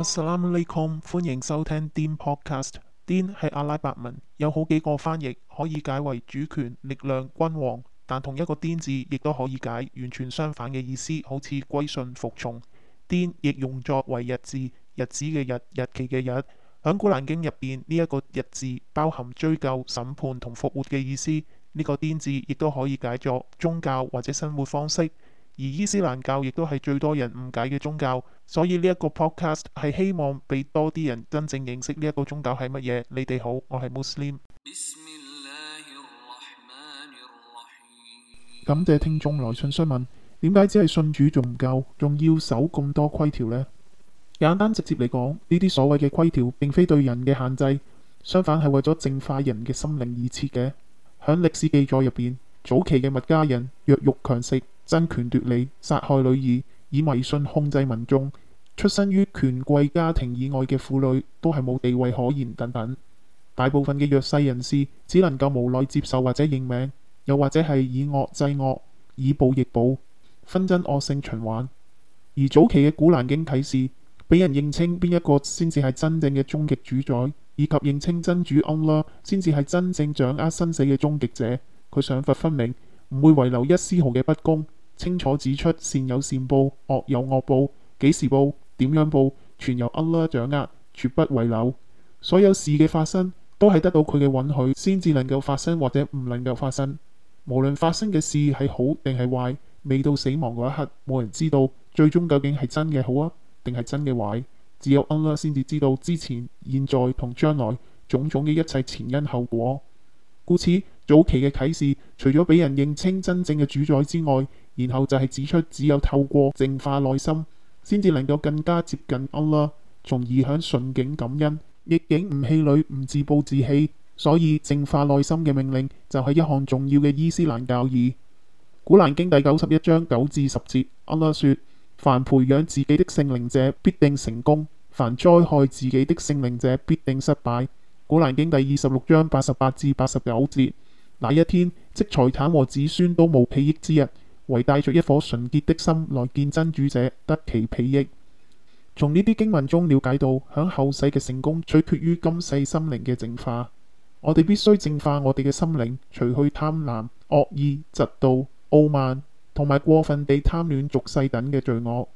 Assalamualaikum，歡迎收聽 Dean Podcast。Dean 係阿拉伯文，有好幾個翻譯，可以解為主權、力量、君王，但同一個 Dean 字亦都可以解完全相反嘅意思，好似歸順、服從。Dean 亦用作為日字，日子嘅日、日期嘅日。喺古蘭經入邊，呢一個日字包含追究、審判同復活嘅意思。呢個 Dean 字亦都可以解作宗教或者生活方式。而伊斯蘭教亦都係最多人誤解嘅宗教，所以呢一個 podcast 係希望俾多啲人真正認識呢一個宗教係乜嘢。你哋好，我係穆斯林。感謝聽眾來信詢問，點解只係信主仲唔夠，仲要守咁多規條呢？簡單直接嚟講，呢啲所謂嘅規條並非對人嘅限制，相反係為咗淨化人嘅心靈而設嘅。響歷史記載入邊，早期嘅麥加人弱肉強食。爭權奪利、殺害女兒、以迷信控制民眾、出身於權貴家庭以外嘅婦女都係冇地位可言等等。大部分嘅弱勢人士只能夠無奈接受或者認命，又或者係以惡制惡，以暴易暴，紛爭惡性循環。而早期嘅古蘭經啟示，俾人認清邊一個先至係真正嘅終極主宰，以及認清真主安拉先至係真正掌握生死嘅終極者，佢想法分明。唔會遺留一絲毫嘅不公，清楚指出善有善報，惡有惡報，幾時報，點樣報，全由安拉掌握，絕不遺留。所有事嘅發生，都係得到佢嘅允許，先至能夠發生或者唔能夠發生。無論發生嘅事係好定係壞，未到死亡嗰一刻，冇人知道最終究竟係真嘅好啊，定係真嘅壞。只有安拉先至知道之前、現在同將來種種嘅一切前因後果。故此，早期嘅啟示除咗俾人認清真正嘅主宰之外，然後就係指出只有透過淨化內心，先至能夠更加接近安拉，從而響順境感恩，逆境唔氣餒唔自暴自棄，所以淨化內心嘅命令就係一項重要嘅伊斯蘭教義。古蘭經第九十一章九至十節，安拉說：凡培養自己的聖靈者必定成功，凡災害自己的聖靈者必定失敗。《古蘭經》第二十六章八十八至八十九節，那一天即財產和子孫都冇庇益之日，唯帶着一顆純潔的心來見真主者，得其庇益。從呢啲經文中了解到，響後世嘅成功取決於今世心靈嘅淨化。我哋必須淨化我哋嘅心靈，除去貪婪、惡意、嫉妒、傲慢同埋過分地貪戀俗世等嘅罪惡，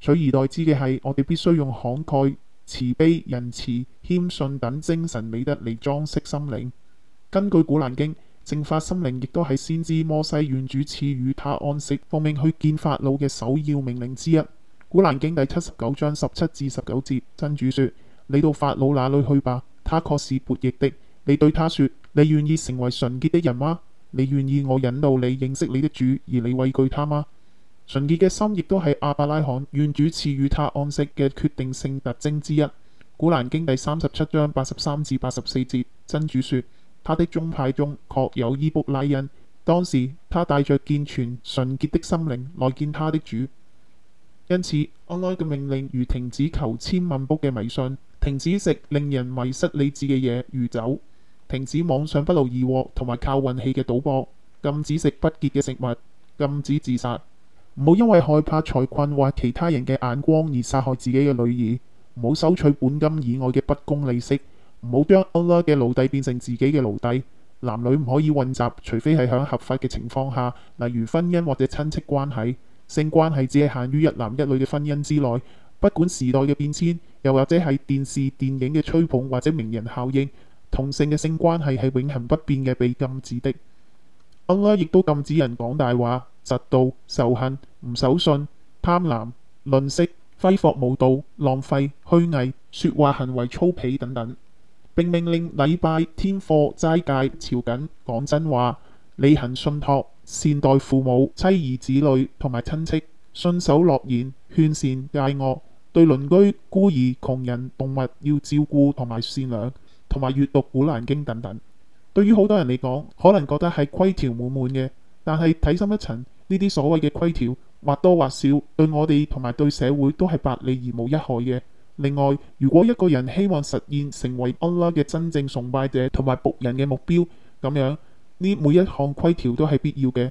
取而代之嘅係我哋必須用慷慨、慈悲、仁慈、謙遜等精神美德嚟裝飾心靈。根據《古蘭經》，淨化心靈亦都係先知摩西願主賜予他安息奉命去見法老嘅首要命令之一。古蘭《古蘭經》第七十九章十七至十九節，真主說：你到法老那裏去吧，他確是悖逆的。你對他說：你願意成為純潔的人嗎？你願意我引導你認識你的主，而你畏懼他嗎？純潔嘅心亦都係阿伯拉罕願主賜予他安息嘅決定性特徵之一。古蘭經第三十七章八十三至八十四節，真主說：他的宗派中確有易卜拉欣。當時他帶着健全純潔的心靈來見他的主。因此，安奈嘅命令如停止求籤問卜嘅迷信，停止食令人迷失理智嘅嘢如酒，停止妄想不勞而獲同埋靠運氣嘅賭博，禁止食不潔嘅食物，禁止自殺。唔好因為害怕財困或其他人嘅眼光而殺害自己嘅女兒，唔好收取本金以外嘅不公利息，唔好將阿拉嘅奴隸變成自己嘅奴隸。男女唔可以混雜，除非係響合法嘅情況下，例如婚姻或者親戚關係。性關係只係限於一男一女嘅婚姻之內。不管時代嘅變遷，又或者係電視電影嘅吹捧或者名人效應，同性嘅性關係係永恒不變嘅被禁止的。阿拉亦都禁止人講大話。嫉妒、仇恨、唔守信、貪婪、吝嗇、揮霍無度、浪費、虛偽、説話行為粗鄙等等。並命令禮拜、天課、齋戒、朝覲、講真話、履行信託、善待父母、妻兒子女同埋親戚、信守諾言、勸善戒惡、對鄰居、孤兒窮人、窮人、動物要照顧同埋善良，同埋閲讀《古蘭經》等等。對於好多人嚟講，可能覺得係規條滿滿嘅，但係睇深一層。呢啲所謂嘅規條，或多或少對我哋同埋對社會都係百利而無一害嘅。另外，如果一個人希望實現成為安拉嘅真正崇拜者同埋僕人嘅目標，咁樣呢每一項規條都係必要嘅。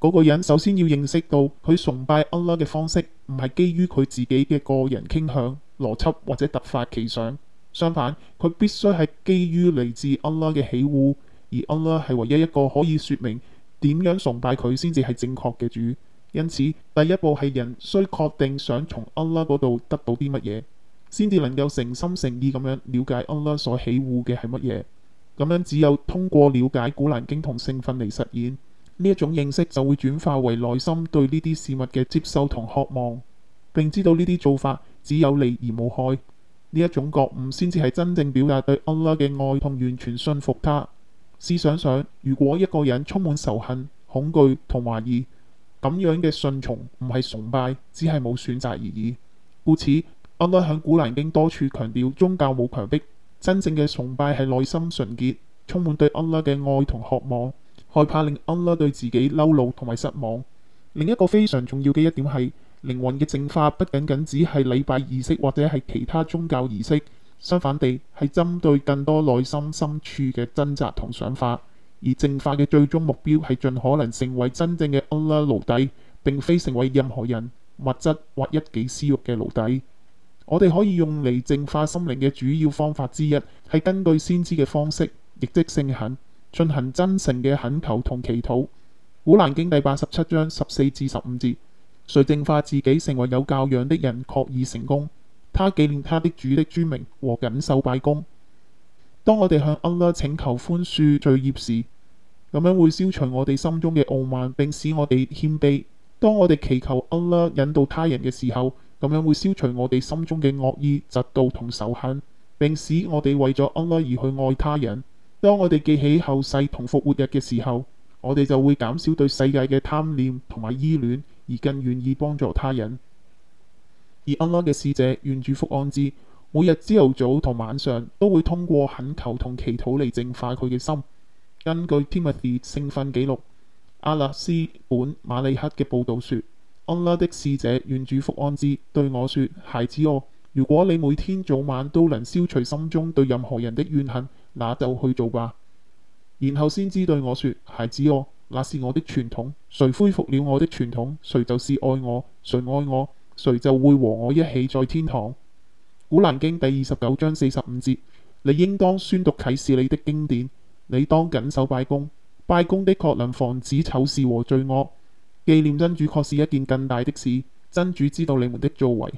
嗰、那個人首先要認識到，佢崇拜安拉嘅方式唔係基於佢自己嘅個人傾向、邏輯或者突發奇想。相反，佢必須係基於嚟自安拉嘅喜惡，而安拉係唯一一個可以説明點樣崇拜佢先至係正確嘅主？因此，第一步係人需確定想從安拉嗰度得到啲乜嘢，先至能夠誠心誠意咁樣了解安拉所喜好嘅係乜嘢。咁樣只有通過了解古蘭經同聖訓嚟實現呢一種認識，就會轉化為內心對呢啲事物嘅接受同渴望。並知道呢啲做法只有利而冇害。呢一種覺悟先至係真正表達對安拉嘅愛同完全信服他。試想想，如果一個人充滿仇恨、恐懼同懷疑，咁樣嘅信從唔係崇拜，只係冇選擇而已。故此，安拉喺古蘭經多處強調宗教冇強迫，真正嘅崇拜係內心純潔，充滿對安拉嘅愛同渴望，害怕令安拉對自己嬲怒同埋失望。另一個非常重要嘅一點係，靈魂嘅淨化不僅僅只係禮拜儀式或者係其他宗教儀式。相反地，係針對更多內心深處嘅掙扎同想法，而淨化嘅最終目標係盡可能成為真正嘅阿拉奴隸，並非成為任何人、物質或一己私欲嘅奴隸。我哋可以用嚟淨化心靈嘅主要方法之一係根據先知嘅方式，亦即性行，進行真誠嘅懇求同祈禱。古蘭經第八十七章十四至十五節，誰淨化自己成為有教養的人，確已成功。他紀念他的主的尊名和謹守拜功。當我哋向阿拉請求寬恕罪孽時，咁樣會消除我哋心中嘅傲慢，並使我哋謙卑；當我哋祈求阿拉引導他人嘅時候，咁樣會消除我哋心中嘅惡意、嫉妒同仇恨，並使我哋為咗阿拉而去愛他人。當我哋記起後世同復活日嘅時候，我哋就會減少對世界嘅貪念同埋依戀，而更願意幫助他人。而安拉嘅使者願主福安之，每日朝頭早同晚上都會通過懇求同祈禱嚟淨化佢嘅心。根據 Timothy 聖訓記錄，阿勒斯本馬里克嘅報道說，安拉的使者願主福安之對我說：孩子哦，如果你每天早晚都能消除心中對任何人的怨恨，那就去做吧。然後先知對我說：孩子哦，那是我的傳統，誰恢復了我的傳統，誰就是愛我，誰愛我，誰就會和我一起在天堂。古蘭經第二十九章四十五節。你應當宣讀啟示你的經典，你當謹守拜功。拜功的確能防止醜事和罪惡。紀念真主確是一件更大的事。真主知道你們的作為，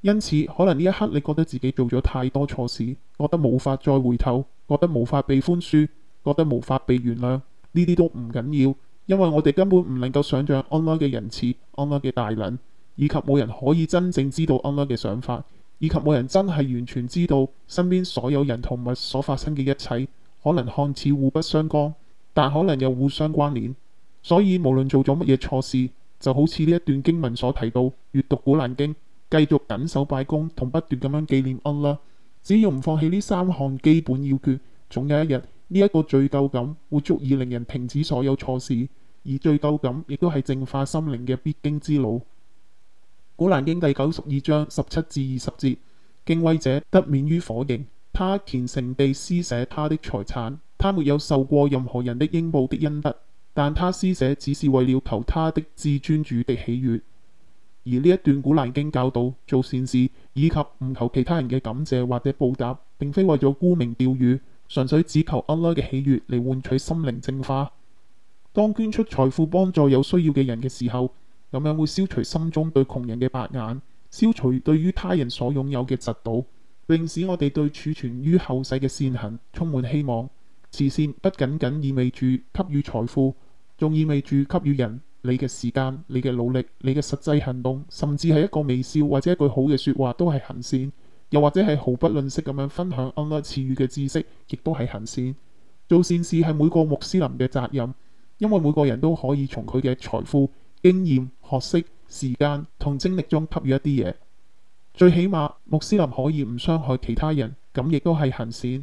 因此可能呢一刻你覺得自己做咗太多錯事，覺得無法再回頭，覺得無法被寬恕，覺得無法被原諒。呢啲都唔緊要，因為我哋根本唔能夠想象安拉嘅仁慈，安拉嘅大能。以及冇人可以真正知道安拉嘅想法，以及冇人真係完全知道身邊所有人同物所發生嘅一切，可能看似互不相干，但可能又互相關聯。所以無論做咗乜嘢錯事，就好似呢一段經文所提到，閱讀古蘭經，繼續謹守拜功，同不斷咁樣紀念安拉。只要唔放棄呢三項基本要訣，總有一日呢一個罪疚感會足以令人停止所有錯事，而罪疚感亦都係淨化心靈嘅必經之路。《古蘭經》第九十二章十七至二十節，敬畏者得免於火刑。他虔誠地施捨他的財產，他沒有受過任何人的應報的恩德，但他施捨只是為了求他的至尊主的喜悅。而呢一段《古蘭經》教導做善事，以及唔求其他人嘅感謝或者報答，並非為咗沽名釣譽，純粹只求阿拉嘅喜悅嚟換取心靈淨化。當捐出財富幫助有需要嘅人嘅時候。咁樣會消除心中對窮人嘅白眼，消除對於他人所擁有嘅嫉妒，並使我哋對儲存於後世嘅善行充滿希望。慈善不僅僅意味住給予財富，仲意味住給予人你嘅時間、你嘅努力、你嘅實際行動，甚至係一個微笑或者一句好嘅説話都係行善。又或者係毫不吝惜咁樣分享恩愛、賜予嘅知識，亦都係行善。做善事係每個穆斯林嘅責任，因為每個人都可以從佢嘅財富、經驗、學識、時間同精力中給予一啲嘢，最起碼穆斯林可以唔傷害其他人，咁亦都係行善。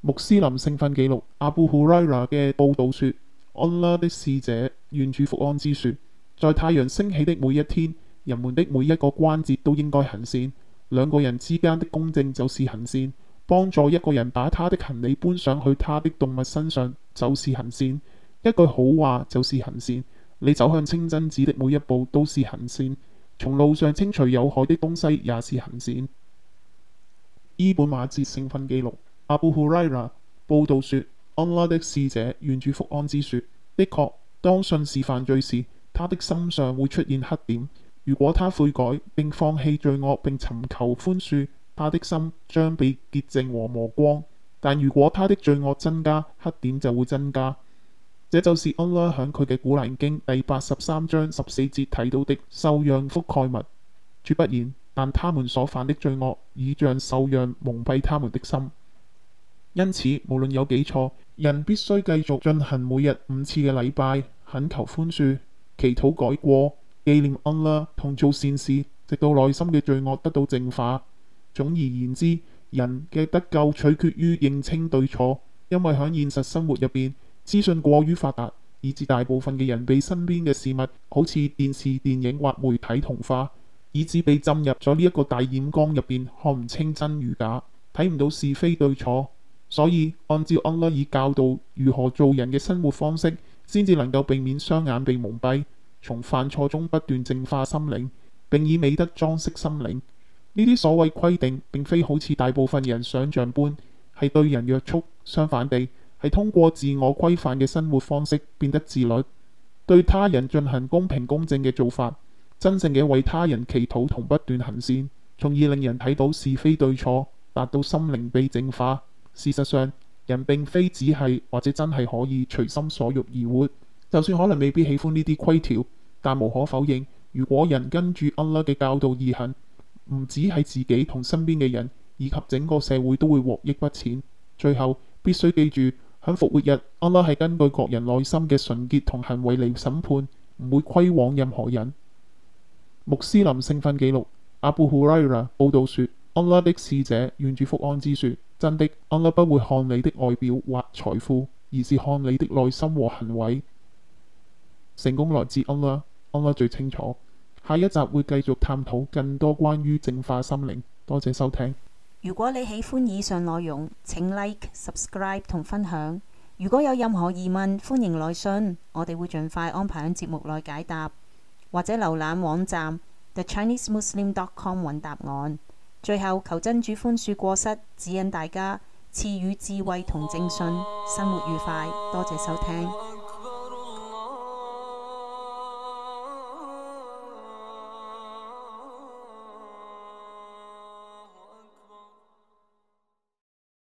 穆斯林聖訓記錄阿布胡拉嘅報導說：安拉的使者願主福安之説，在太陽升起的每一天，人們的每一個關節都應該行善。兩個人之間的公正就是行善，幫助一個人把他的行李搬上去他的動物身上就是行善，一句好話就是行善。你走向清真寺的每一步都是行善，從路上清除有害的東西也是行善。伊本馬捷聖訓記錄，阿布胡拉納報導說：安拉的使者願主福安之說，的確，當信是犯罪時，他的心上會出現黑點；如果他悔改並放棄罪惡並尋求寬恕，他的心將被潔淨和磨光；但如果他的罪惡增加，黑點就會增加。這就是安拉喺佢嘅古蘭經第八十三章十四節提到的受讓覆蓋物，絕不然。但他們所犯的罪惡已像受讓蒙蔽他們的心，因此無論有幾錯，人必須繼續進行每日五次嘅禮拜，懇求寬恕，祈禱改過，紀念安拉同做善事，直到內心嘅罪惡得到淨化。總而言之，人嘅得救取決於認清對錯，因為喺現實生活入邊。資訊過於發達，以致大部分嘅人被身邊嘅事物，好似電視、電影或媒體同化，以致被浸入咗呢一個大染缸入邊，看唔清真與假，睇唔到是非對錯。所以按照安拉以教導如何做人嘅生活方式，先至能夠避免雙眼被蒙蔽，從犯錯中不斷淨化心靈，並以美德裝飾心靈。呢啲所謂規定並非好似大部分人想像般係對人約束，相反地。係通過自我規範嘅生活方式變得自律，對他人進行公平公正嘅做法，真正嘅為他人祈禱同不斷行善，從而令人睇到是非對錯，達到心靈被淨化。事實上，人並非只係或者真係可以隨心所欲而活。就算可能未必喜歡呢啲規條，但無可否認，如果人跟住阿拉嘅教導而行，唔止係自己同身邊嘅人，以及整個社會都會獲益不淺。最後必須記住。喺復活日，安拉係根據各人內心嘅純潔同行為嚟審判，唔會虧枉任何人。穆斯林聖訓記錄，阿布胡拉伊拉報導說，安拉的使者願主福安之説：真的，安拉不會看你的外表或財富，而是看你的內心和行為。成功來自安拉，安拉最清楚。下一集會繼續探討更多關於淨化心靈。多謝收聽。如果你喜歡以上內容，請 like、subscribe 同分享。如果有任何疑問，歡迎來信，我哋會盡快安排喺節目內解答，或者瀏覽網站 theChineseMuslim.com 揾答案。最後，求真主寬恕過失，指引大家，賜予智慧同正信，生活愉快。多謝收聽。